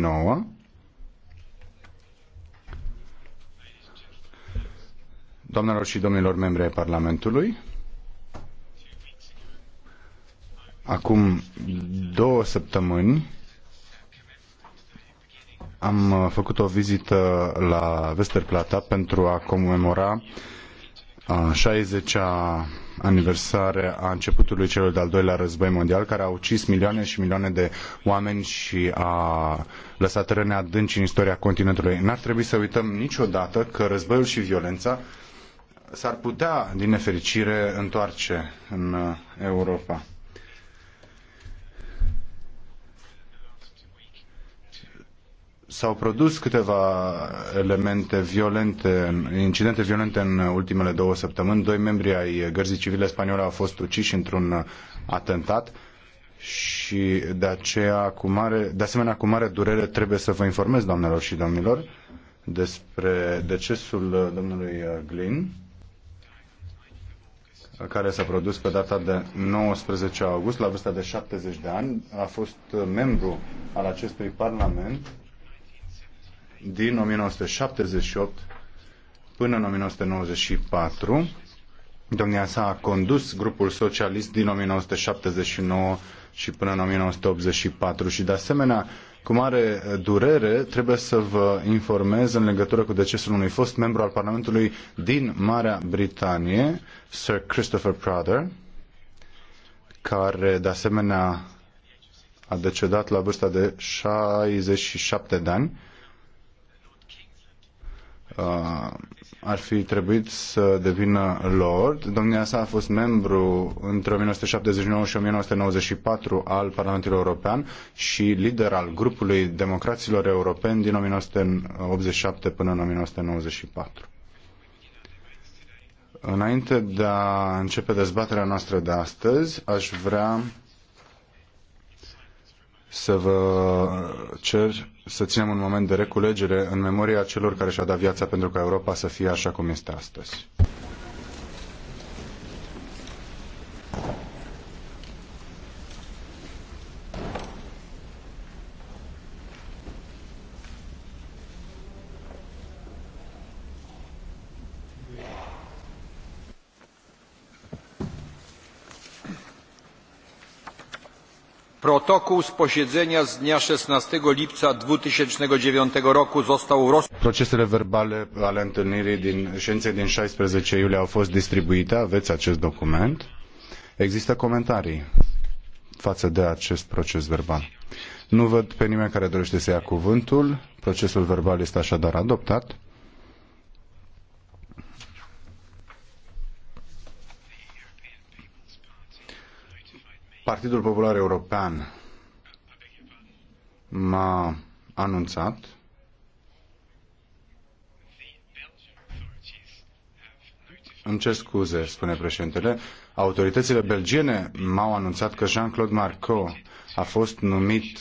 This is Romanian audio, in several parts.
2009 Doamnelor și domnilor membri ai Parlamentului, acum două săptămâni am făcut o vizită la Westerplatte pentru a comemora a 60-a aniversare a începutului celui de-al doilea război mondial, care a ucis milioane și milioane de oameni și a lăsat răne adânci în istoria continentului. N-ar trebui să uităm niciodată că războiul și violența s-ar putea, din nefericire, întoarce în Europa. s-au produs câteva elemente violente, incidente violente în ultimele două săptămâni. Doi membri ai gărzii civile spaniole au fost uciși într-un atentat și de aceea cu mare, de asemenea cu mare durere trebuie să vă informez, doamnelor și domnilor, despre decesul domnului Glynn care s-a produs pe data de 19 august, la vârsta de 70 de ani, a fost membru al acestui parlament din 1978 până în 1994. Domnia sa a condus grupul socialist din 1979 și până în 1984 și de asemenea, cu mare durere, trebuie să vă informez în legătură cu decesul unui fost membru al Parlamentului din Marea Britanie, Sir Christopher Prather, care de asemenea a decedat la vârsta de 67 de ani Uh, ar fi trebuit să devină lord. Domnia sa a fost membru între 1979 și 1994 al Parlamentului European și lider al grupului democraților europeni din 1987 până în 1994. Înainte de a începe dezbaterea noastră de astăzi, aș vrea să vă cer să ținem un moment de reculegere în memoria celor care și-au dat viața pentru ca Europa să fie așa cum este astăzi. Protokół z posiedzenia z dnia 16 lipca 2009 roku został roz... Procesele verbale ale întâlnirii din ședinței din 16 iulie au fost distribuite. Aveți acest document. Există comentarii față de acest proces verbal. Nu văd pe nimeni care dorește să ia cuvântul. Procesul verbal este așadar adoptat. Partidul Popular European m-a anunțat Îmi cer scuze, spune președintele. Autoritățile belgiene m-au anunțat că Jean-Claude Marco a fost numit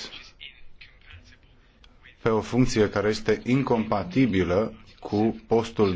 pe o funcție care este incompatibilă cu postul